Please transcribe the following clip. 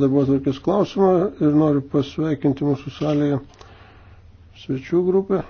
darbo atvarkės klausimą ir noriu pasveikinti mūsų salėje svečių grupę.